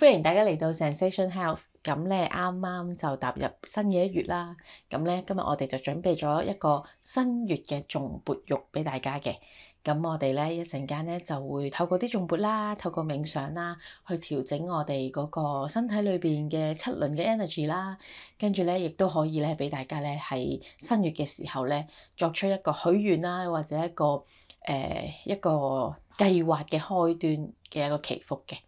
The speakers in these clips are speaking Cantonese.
歡迎大家嚟到 Zensation Health。咁咧，啱啱就踏入新嘅一月啦。咁咧，今日我哋就準備咗一個新月嘅頌缽浴俾大家嘅。咁我哋咧一陣間咧就會透過啲頌缽啦，透過冥想啦，去調整我哋嗰個身體裏邊嘅七輪嘅 energy 啦。跟住咧，亦都可以咧俾大家咧喺新月嘅時候咧作出一個許願啦，或者一個誒、呃、一個計劃嘅開端嘅一個祈福嘅。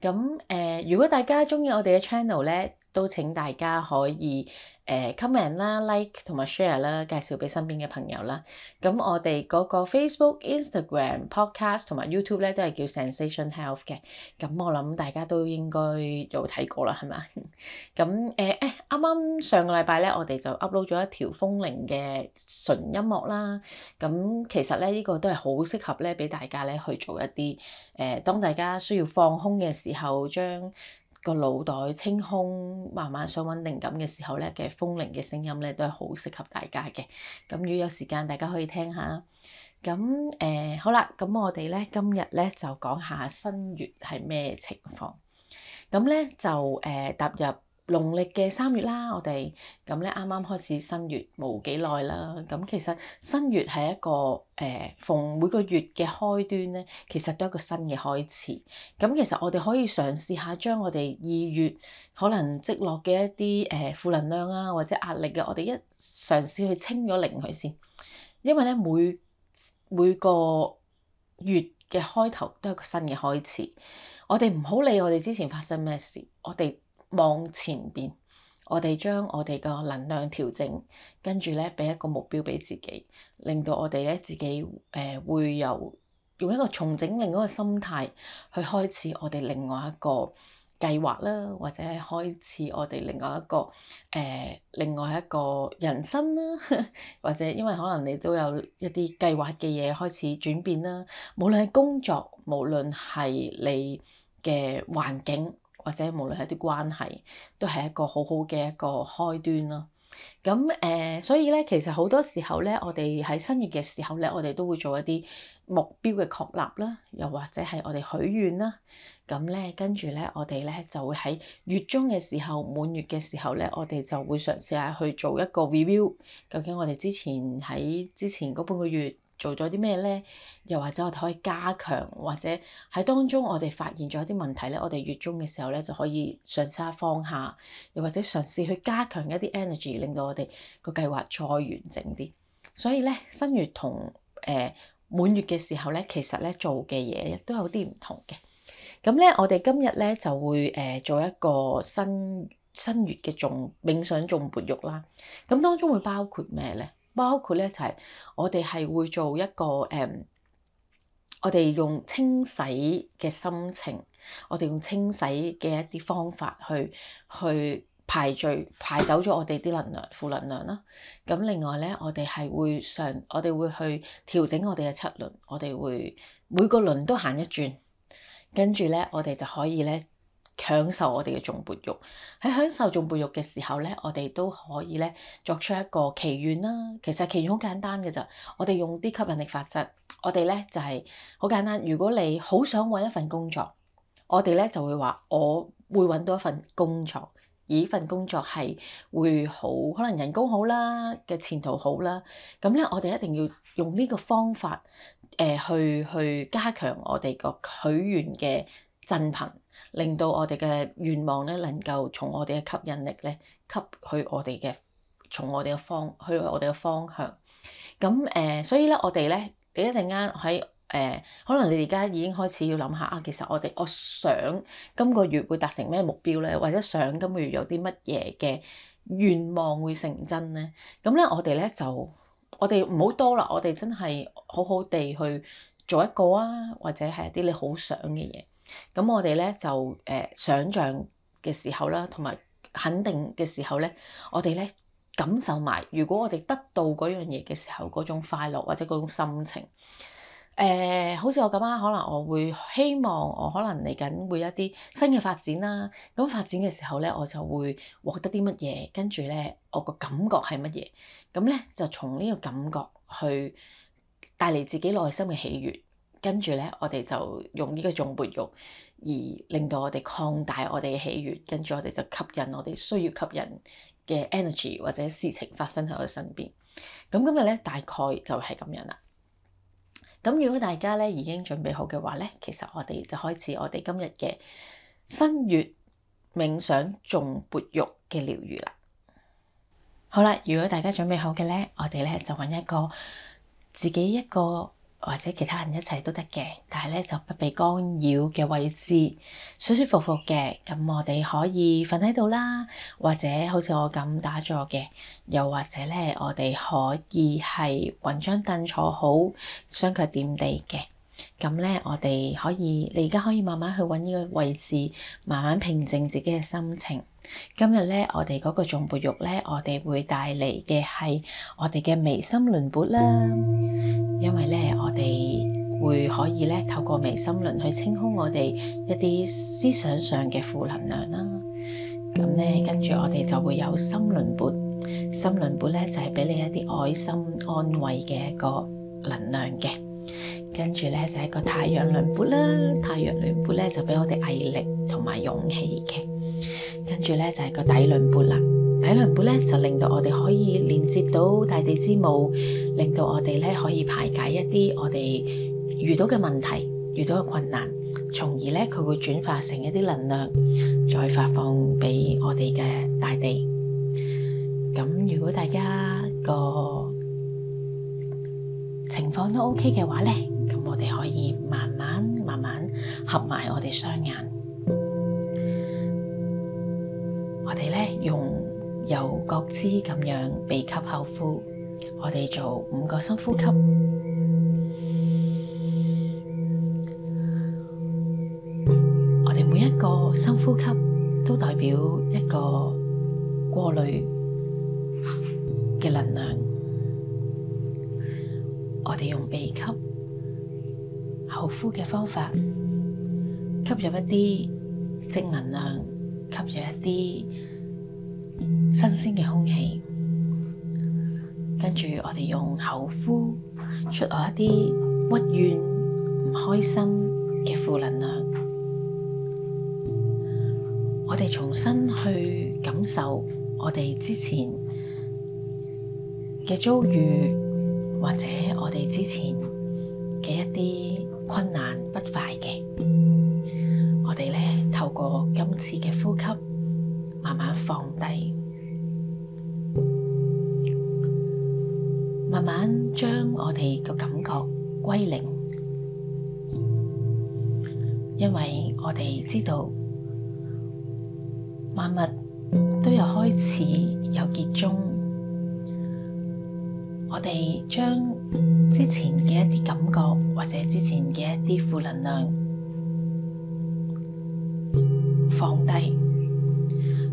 咁誒，如果大家中意我哋嘅 channel 咧～都請大家可以誒、呃、comment 啦、like 同埋 share 啦，介紹俾身邊嘅朋友啦。咁我哋嗰個 Facebook、Instagram、Podcast 同埋 YouTube 咧，都係叫 Zensation Health 嘅。咁我諗大家都應該有睇過、 呃欸、剛剛啦，係咪？咁誒誒，啱啱上個禮拜咧，我哋就 upload 咗一條風鈴嘅純音樂啦。咁其實咧，呢、呢個都係好適合咧，俾大家咧去做一啲誒、呃，當大家需要放空嘅時候，將個腦袋清空，慢慢想穩定感嘅時候咧，嘅風鈴嘅聲音咧都係好適合大家嘅。咁如果有時間，大家可以聽下。咁誒、呃、好啦，咁我哋咧今日咧就講下新月係咩情況。咁咧就誒、呃、踏入。農曆嘅三月啦，我哋咁咧啱啱開始新月冇幾耐啦。咁其實新月係一個誒、呃，逢每個月嘅開端咧，其實都係一個新嘅開始。咁其實我哋可以嘗試下將我哋二月可能積落嘅一啲誒負能量啊，或者壓力嘅、啊，我哋一嘗試去清咗零佢先。因為咧每每個月嘅開頭都係一個新嘅開始，我哋唔好理我哋之前發生咩事，我哋。望前邊，我哋將我哋個能量調整，跟住咧俾一個目標俾自己，令到我哋咧自己誒、呃、會由用一個重整另一個心態去開始我哋另外一個計劃啦，或者開始我哋另外一個誒、呃、另外一個人生啦，或者因為可能你都有一啲計劃嘅嘢開始轉變啦，無論係工作，無論係你嘅環境。或者無論係啲關係，都係一個好好嘅一個開端咯。咁誒、呃，所以咧，其實好多時候咧，我哋喺新月嘅時候咧，我哋都會做一啲目標嘅確立啦，又或者係我哋許願啦。咁咧，跟住咧，我哋咧就會喺月中嘅時候，滿月嘅時候咧，我哋就會嘗試下去做一個 review，究竟我哋之前喺之前嗰半個月，做咗啲咩咧？又或者我哋可以加強，或者喺當中我哋發現咗一啲問題咧，我哋月中嘅時候咧就可以嘗試一下放下，又或者嘗試去加強一啲 energy，令到我哋個計劃再完整啲。所以咧，新月同誒、呃、滿月嘅時候咧，其實咧做嘅嘢都有啲唔同嘅。咁咧，我哋今日咧就會誒、呃、做一個新新月嘅頌缽冥想療癒、頌缽浴啦。咁當中會包括咩咧？包括咧就係、是、我哋係會做一個誒、嗯，我哋用清洗嘅心情，我哋用清洗嘅一啲方法去去排序，排走咗我哋啲能量負能量啦。咁、嗯、另外咧，我哋係會上我哋會去調整我哋嘅七輪，我哋會每個輪都行一轉，跟住咧我哋就可以咧。享受我哋嘅頌缽浴。喺享受頌缽浴嘅時候咧，我哋都可以咧作出一個祈願啦。其實祈願好簡單嘅啫，我哋用啲吸引力法則，我哋咧就係、是、好簡單。如果你好想揾一份工作，我哋咧就會話我會揾到一份工作，而份工作係會好可能人工好啦嘅前途好啦。咁咧，我哋一定要用呢個方法誒、呃、去去加強我哋個許願嘅振頻。令到我哋嘅願望咧，能夠從我哋嘅吸引力咧吸去我哋嘅，從我哋嘅方去我哋嘅方向。咁誒、呃，所以咧，我哋咧，你一陣間喺誒，可能你而家已經開始要諗下啊，其實我哋我想今個月會達成咩目標咧，或者想今個月有啲乜嘢嘅願望會成真咧。咁咧，我哋咧就我哋唔好多啦，我哋真係好好地去做一個啊，或者係一啲你好想嘅嘢。咁我哋咧就誒、呃、想象嘅時候啦，同埋肯定嘅時候咧，我哋咧感受埋，如果我哋得到嗰樣嘢嘅時候嗰種快樂或者嗰種心情，誒、呃、好似我咁啊，可能我會希望我可能嚟緊會有一啲新嘅發展啦，咁發展嘅時候咧，我就會獲得啲乜嘢，跟住咧我個感覺係乜嘢，咁咧就從呢個感覺去帶嚟自己內心嘅喜悅。跟住咧，我哋就用呢個頌缽浴而令到我哋擴大我哋嘅喜悅。跟住我哋就吸引我哋需要吸引嘅 energy 或者事情發生喺我身邊。咁今日咧大概就係咁樣啦。咁如果大家咧已經準備好嘅話咧，其實我哋就開始我哋今日嘅新月冥想頌缽浴嘅療癒啦。好啦，如果大家準備好嘅咧，我哋咧就搵一個自己一個。或者其他人一齊都得嘅，但係咧就不被干擾嘅位置，舒舒服服嘅，咁我哋可以瞓喺度啦，或者好似我咁打坐嘅，又或者咧我哋可以係揾張凳坐好，雙腳點地嘅，咁咧我哋可以，你而家可以慢慢去揾呢個位置，慢慢平靜自己嘅心情。今日咧我哋嗰個頌缽浴咧，我哋會帶嚟嘅係我哋嘅眉心輪缽啦。嗯會可以咧，透過眉心輪去清空我哋一啲思想上嘅負能量啦。咁咧，跟住我哋就會有心輪缽，心輪缽咧就係俾你一啲愛心安慰嘅一個能量嘅。跟住咧就係個太陽輪缽啦，太陽輪缽咧就俾我哋毅力同埋勇氣嘅。跟住咧就係個底輪缽啦，底輪缽咧就令到我哋可以連接到大地之母，令到我哋咧可以排解一啲我哋。遇到嘅問題，遇到嘅困難，從而呢佢會轉化成一啲能量，再發放俾我哋嘅大地。咁如果大家個情況都 OK 嘅話呢，咁我哋可以慢慢慢慢合埋我哋雙眼，我哋呢用由覺知咁樣鼻吸口呼，我哋做五個深呼吸。呼吸嘅方法，吸入一啲正能量，吸入一啲新鮮嘅空氣，跟住我哋用口呼出嚟一啲屈怨唔開心嘅負能量，我哋重新去感受我哋之前嘅遭遇，或者我哋之前嘅一啲。困難不快嘅，我哋呢，透過今次嘅呼吸，慢慢放低，慢慢將我哋嘅感覺歸零，因為我哋知道萬物都有開始有結終，我哋將。之前嘅一啲感覺，或者之前嘅一啲負能量，放低，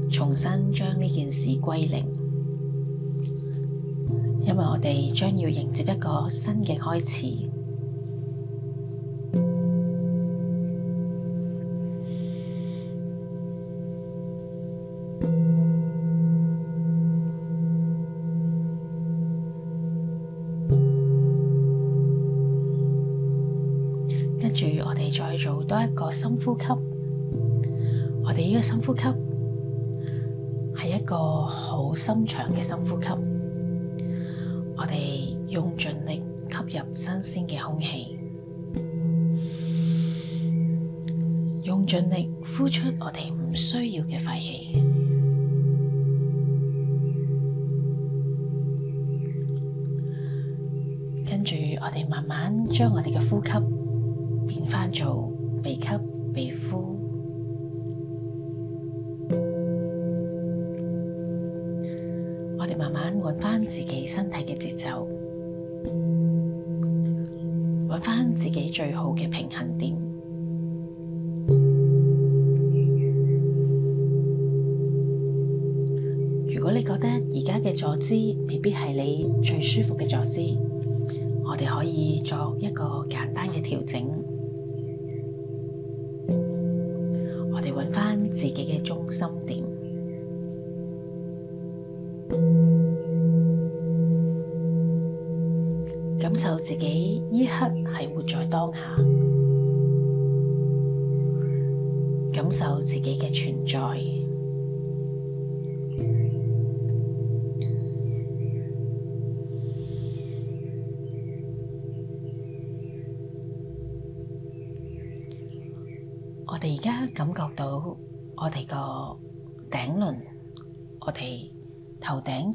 重新將呢件事歸零，因為我哋將要迎接一個新嘅開始。我哋再做多一個深呼吸，我哋呢個深呼吸係一個好深長嘅深呼吸，我哋用盡力吸入新鮮嘅空氣，用盡力呼出我哋唔需要嘅廢氣，跟住我哋慢慢將我哋嘅呼吸。翻做鼻吸鼻呼，我哋慢慢搵翻自己身體嘅節奏，搵翻自己最好嘅平衡點。如果你覺得而家嘅坐姿未必係你最舒服嘅坐姿，我哋可以做一個。自己嘅中心點，感受自己呢刻係活在當下，感受自己嘅存在。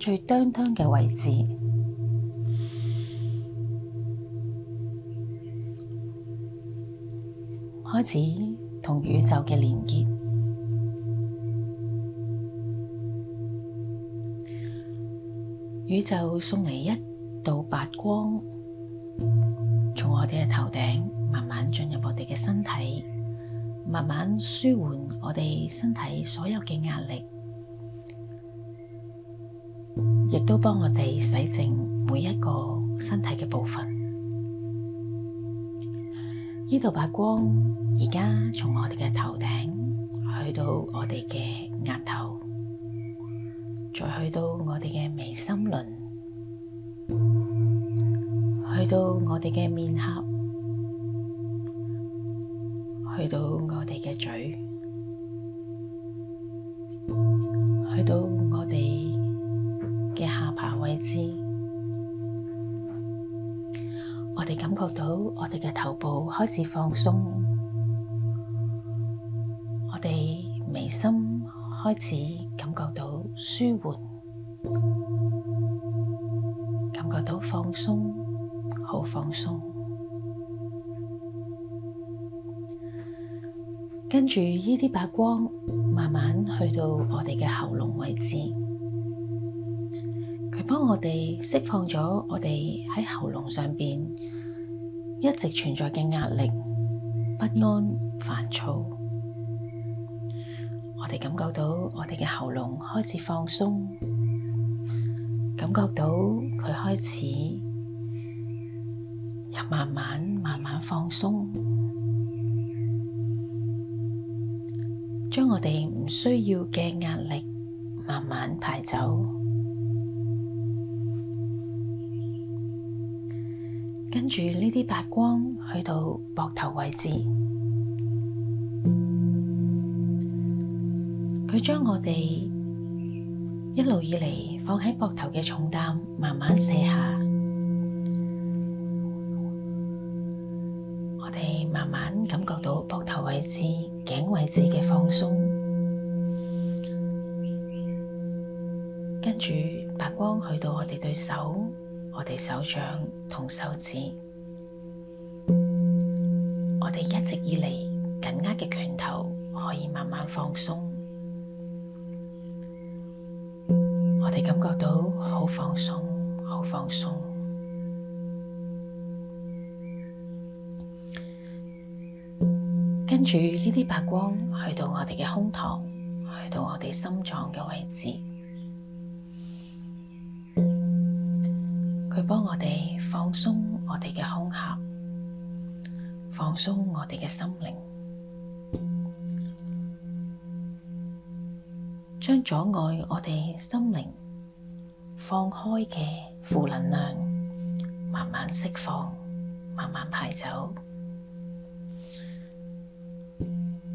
最當當嘅位置，開始同宇宙嘅連結。宇宙送嚟一道白光，從我哋嘅頭頂慢慢進入我哋嘅身體，慢慢舒緩我哋身體所有嘅壓力。亦都幫我哋洗淨每一個身體嘅部分。呢度把光而家從我哋嘅頭頂去到我哋嘅額頭，再去到我哋嘅眉心輪，去到我哋嘅面頰，去到我哋嘅嘴，去到。我哋感覺到我哋嘅頭部開始放鬆，我哋眉心開始感覺到舒緩，感覺到放鬆，好放鬆。跟住呢啲白光慢慢去到我哋嘅喉嚨位置。當我哋釋放咗我哋喺喉嚨上邊一直存在嘅壓力、不安、煩躁。我哋感覺到我哋嘅喉嚨開始放鬆，感覺到佢開始又慢慢、慢慢放鬆，將我哋唔需要嘅壓力慢慢排走。跟住呢啲白光去到膊頭位置，佢將我哋一路以嚟放喺膊頭嘅重擔慢慢卸下，我哋慢慢感覺到膊頭位置、頸位置嘅放鬆。跟住白光去到我哋對手。我哋手掌同手指，我哋一直以嚟緊握嘅拳頭可以慢慢放鬆，我哋感覺到好放鬆，好放鬆。跟住呢啲白光去到我哋嘅胸膛，去到我哋心臟嘅位置。佢幫我哋放鬆我哋嘅胸腔，放鬆我哋嘅心靈，將阻礙我哋心靈放開嘅負能量慢慢釋放，慢慢排走。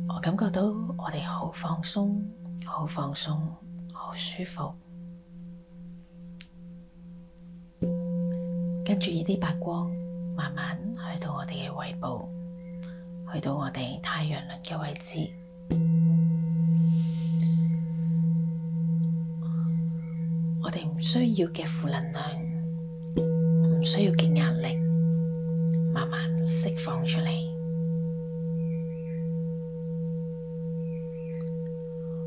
我感覺到我哋好放鬆，好放鬆，好舒服。跟住呢啲白光，慢慢去到我哋嘅胃部，去到我哋太陽輪嘅位置，我哋唔需要嘅負能量，唔需要嘅壓力，慢慢釋放出嚟。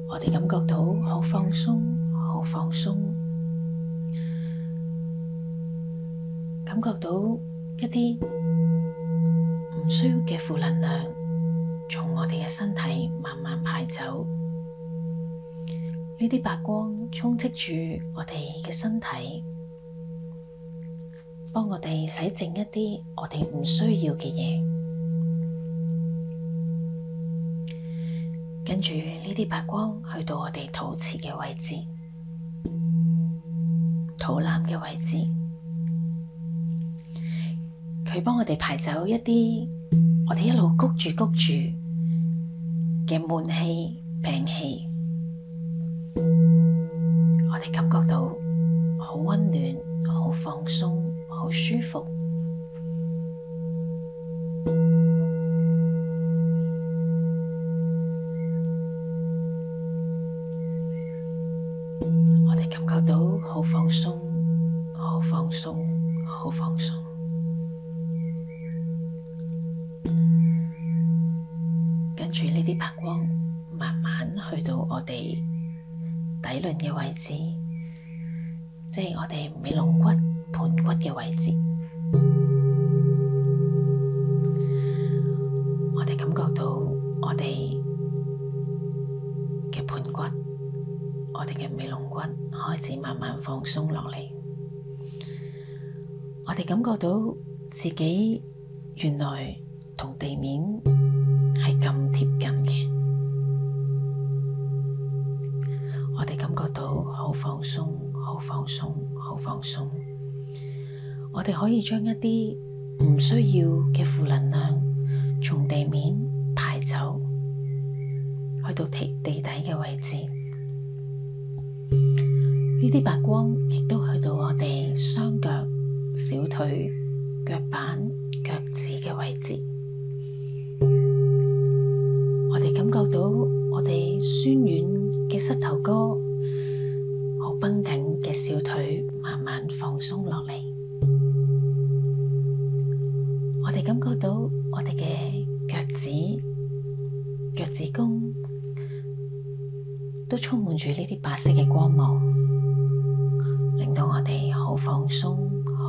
我哋感覺到好放鬆，好放鬆。感覺到一啲唔需要嘅負能量，從我哋嘅身體慢慢排走。呢啲白光充斥住我哋嘅身體，幫我哋洗淨一啲我哋唔需要嘅嘢。跟住呢啲白光去到我哋肚臍嘅位置，肚腩嘅位置。佢幫我哋排走一啲我哋一路谷住谷住嘅悶氣、病氣，我哋感覺到好溫暖、好放鬆、好舒服。住呢啲白光，慢慢去到我哋底輪嘅位置，即係我哋尾龍骨、盤骨嘅位置。我哋感覺到我哋嘅盤骨，我哋嘅尾龍骨開始慢慢放鬆落嚟。我哋感覺到自己原來同地面。咁貼近嘅，我哋感覺到好放鬆，好放鬆，好放鬆。我哋可以將一啲唔需要嘅負能量，從地面排走，去到地地底嘅位置。呢啲白光，到我哋酸軟嘅膝頭哥，好繃緊嘅小腿慢慢放鬆落嚟。我哋感覺到我哋嘅腳趾、腳趾公都充滿住呢啲白色嘅光芒，令到我哋好放鬆，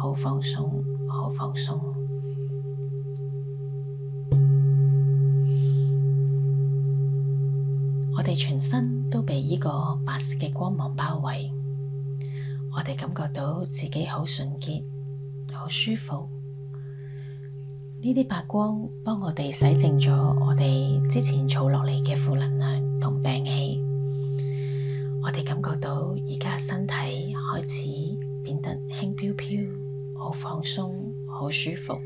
好放鬆，好放鬆。我哋全身都被呢個白色嘅光芒包圍，我哋感覺到自己好純潔、好舒服。呢啲白光幫我哋洗淨咗我哋之前儲落嚟嘅負能量同病氣。我哋感覺到而家身體開始變得輕飄飄，好放鬆，好舒服。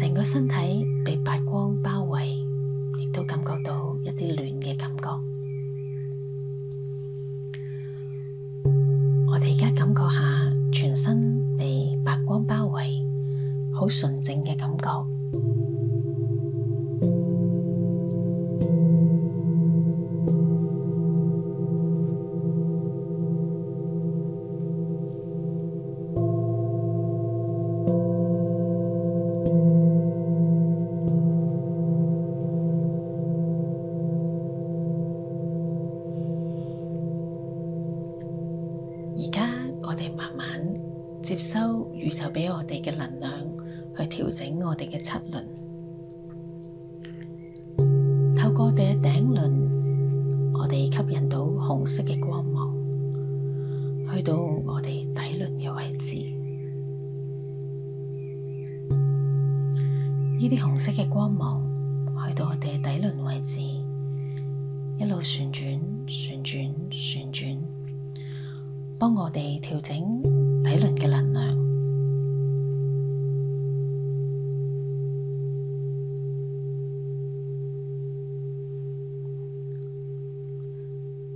成個身體被白光包圍。都感覺到一啲暖嘅感覺，我哋而家感覺下全身被白光包圍，好純淨嘅感覺。到我哋底輪嘅位置，呢啲紅色嘅光芒去到我哋底輪位置，一路旋轉、旋轉、旋轉，幫我哋調整底輪嘅能量。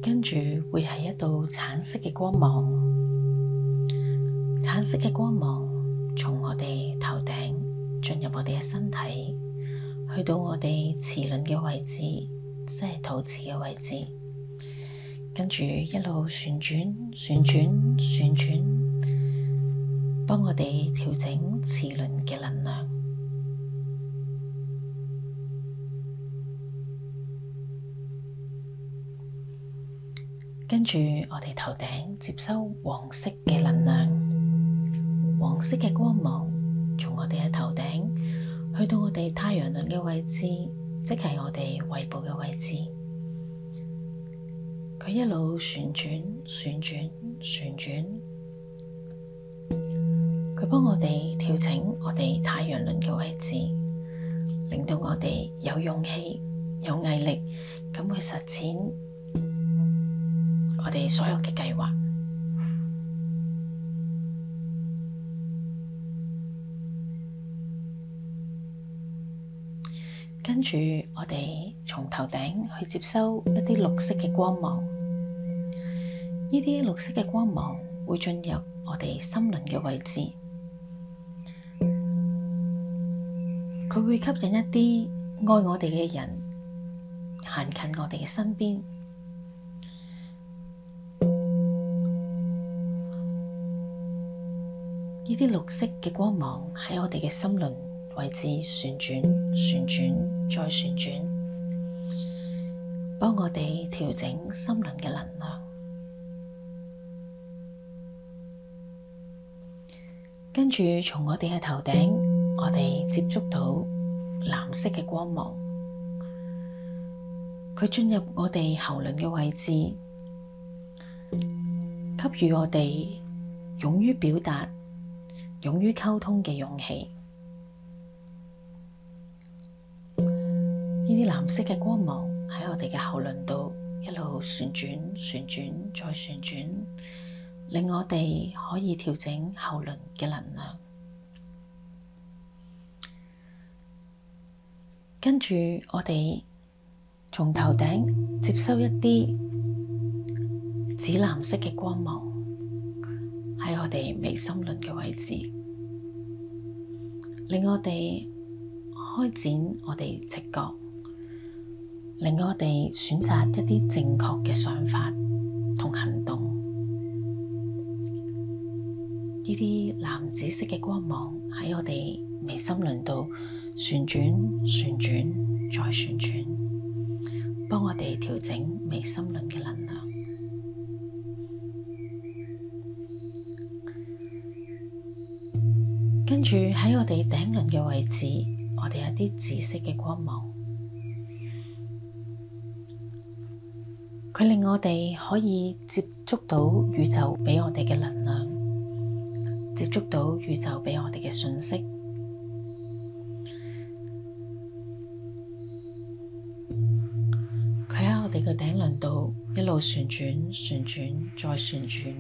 跟住會係一道橙色嘅光芒。藍色嘅光芒從我哋頭頂進入我哋嘅身體，去到我哋臍輪嘅位置，即係肚臍嘅位置，跟住一路旋轉、旋轉、旋轉，幫我哋調整臍輪嘅能量。跟住我哋頭頂接收黃色嘅能量。黃色嘅光芒從我哋嘅頭頂去到我哋太陽輪嘅位置，即係我哋胃部嘅位置。佢一路旋轉、旋轉、旋轉，佢幫我哋調整我哋太陽輪嘅位置，令到我哋有勇氣、有毅力咁去實踐我哋所有嘅計劃。跟住，我哋從頭頂去接收一啲綠色嘅光芒，呢啲綠色嘅光芒會進入我哋心輪嘅位置，佢會吸引一啲愛我哋嘅人行近我哋嘅身邊。呢啲綠色嘅光芒喺我哋嘅心輪位置旋轉，旋轉。再旋轉，幫我哋調整心輪嘅能量。跟住從我哋嘅頭頂，我哋接觸到藍色嘅光芒，佢進入我哋喉輪嘅位置，給予我哋勇於表達、勇於溝通嘅勇氣。啲藍色嘅光芒喺我哋嘅後輪度一路旋轉、旋轉再旋轉，令我哋可以調整後輪嘅能量。跟住我哋從頭頂接收一啲紫藍色嘅光芒喺我哋眉心輪嘅位置，令我哋開展我哋直覺。令我哋選擇一啲正確嘅想法同行動，呢啲藍紫色嘅光芒喺我哋眉心輪度旋轉、旋轉再旋轉，幫我哋調整眉心輪嘅能量。跟住喺我哋頂輪嘅位置，我哋有啲紫色嘅光芒。佢令我哋可以接觸到宇宙畀我哋嘅能量，接觸到宇宙畀我哋嘅信息。佢喺我哋嘅頂輪度一路旋轉、旋轉再旋轉，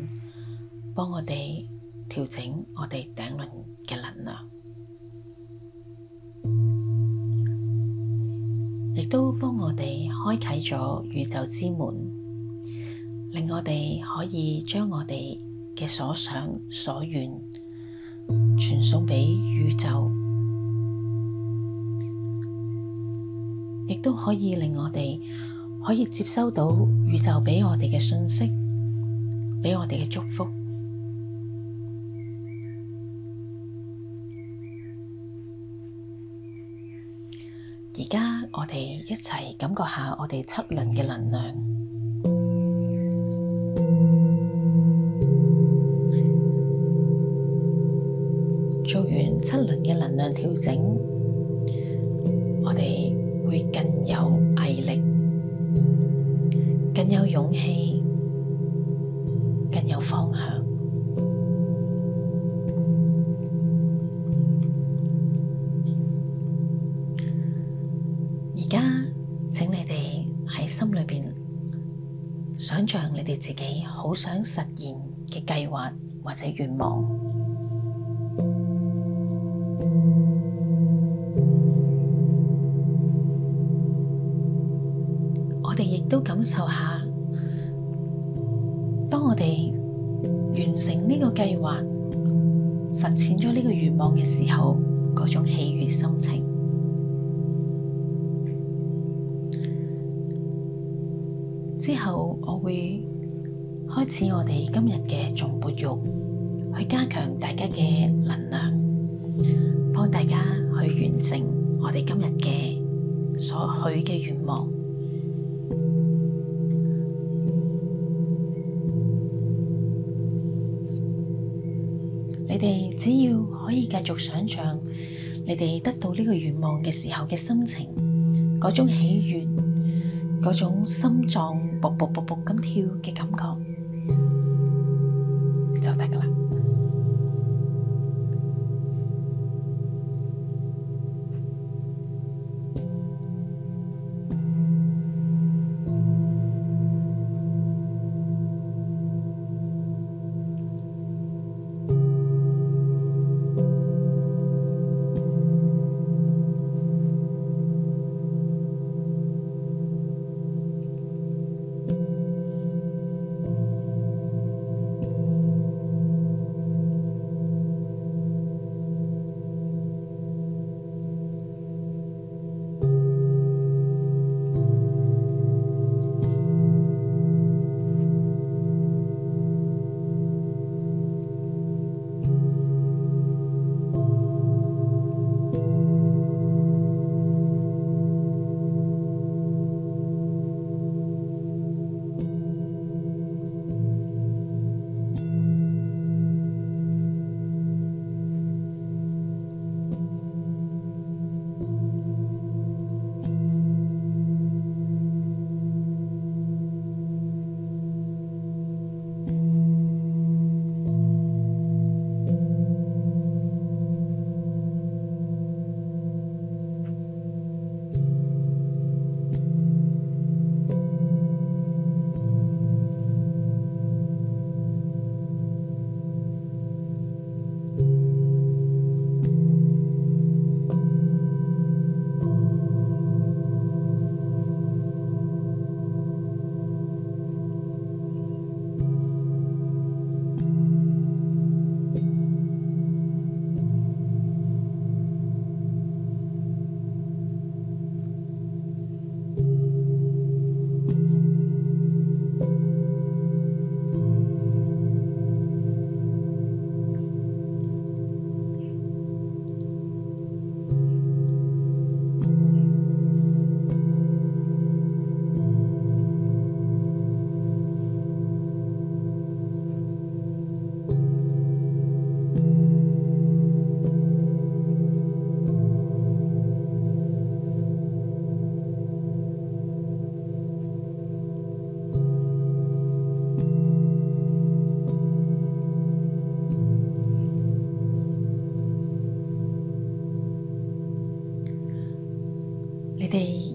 幫我哋調整我哋頂輪嘅能量，亦都幫我哋開啟咗宇宙之門。令我哋可以將我哋嘅所想所願傳送畀宇宙，亦都可以令我哋可以接收到宇宙畀我哋嘅信息，畀我哋嘅祝福。而家我哋一齊感覺下我哋七輪嘅能量。七輪嘅能量調整，我哋會更有毅力，更有勇氣，更有方向。而家，請你哋喺心裏邊想象你哋自己好想實現嘅計劃或者願望。感受下，當我哋完成呢個計劃、實踐咗呢個願望嘅時候，嗰種喜悅心情。之後我會開始我哋今日嘅頌缽浴，去加強大家嘅能量，幫大家去完成我哋今日嘅所許嘅願望。你哋只要可以繼續想象，你哋得到呢個願望嘅時候嘅心情，嗰種喜悦，嗰種心臟噗噗噗噗咁跳嘅感覺。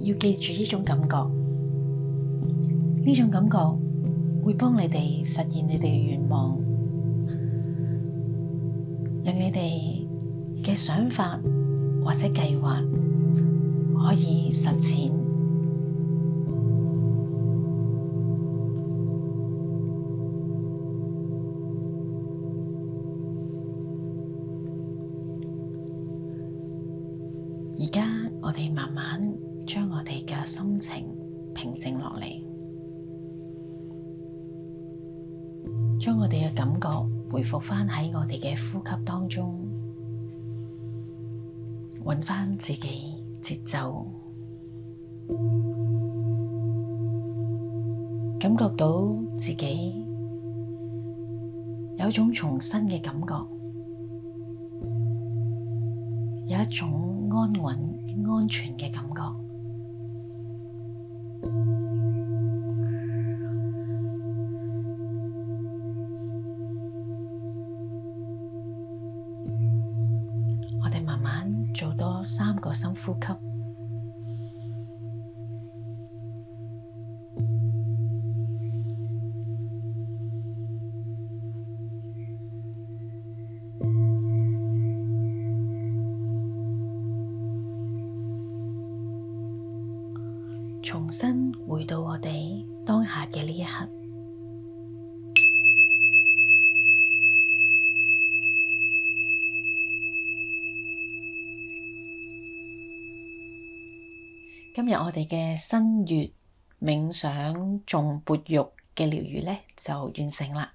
要記住呢種感覺，呢種感覺會幫你哋實現你哋嘅願望，令你哋嘅想法或者計劃可以實踐。感覺到自己有一種重生嘅感覺，有一種安穩、安全嘅感覺。今日我哋嘅新月冥想撥肉，頌缽浴嘅療愈咧就完成啦。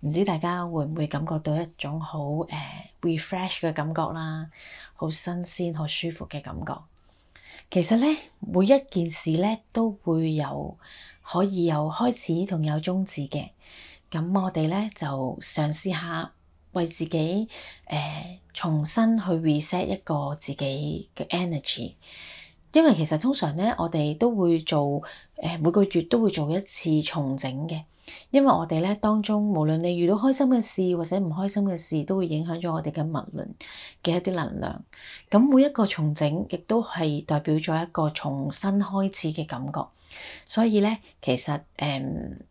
唔知大家會唔會感覺到一種好誒、uh, refresh 嘅感覺啦，好新鮮、好舒服嘅感覺。其實咧，每一件事咧都會有可以有開始同有終止嘅。咁我哋咧就嘗試下為自己誒、uh, 重新去 reset 一個自己嘅 energy。因為其實通常咧，我哋都會做誒、呃、每個月都會做一次重整嘅，因為我哋咧當中無論你遇到開心嘅事或者唔開心嘅事，都會影響咗我哋嘅脈輪嘅一啲能量。咁每一個重整亦都係代表咗一個重新開始嘅感覺。所以咧，其實誒、呃、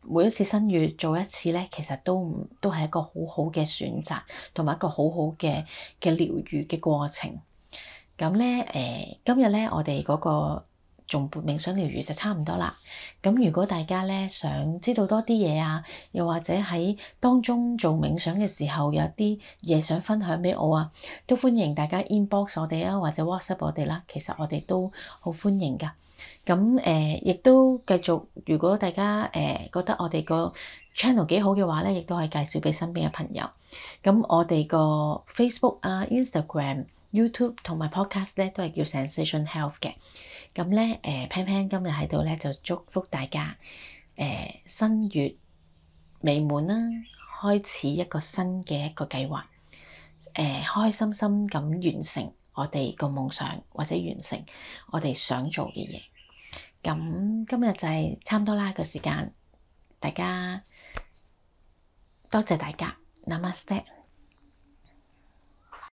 每一次新月做一次咧，其實都唔都係一個好好嘅選擇，同埋一個好好嘅嘅療愈嘅過程。咁咧，誒、呃，今日咧，我哋嗰個頌缽冥想療癒就差唔多啦。咁如果大家咧想知道多啲嘢啊，又或者喺當中做冥想嘅時候有啲嘢想分享俾我啊，都歡迎大家 inbox 我哋啊，或者 WhatsApp 我哋啦、啊。其實我哋都好歡迎㗎。咁誒，亦、呃、都繼續，如果大家誒、呃、覺得我哋個 channel 幾好嘅話咧，亦都可以介紹俾身邊嘅朋友。咁我哋個 Facebook 啊，Instagram，YouTube 同埋 Podcast 咧都係叫 Sensation Health 嘅，咁咧誒、呃、PanPan 今日喺度咧就祝福大家誒、呃、新月美滿啦，開始一個新嘅一個計劃，誒、呃、開心心咁完成我哋個夢想或者完成我哋想做嘅嘢。咁今日就係差唔多啦個時間，大家多謝大家，Namaste。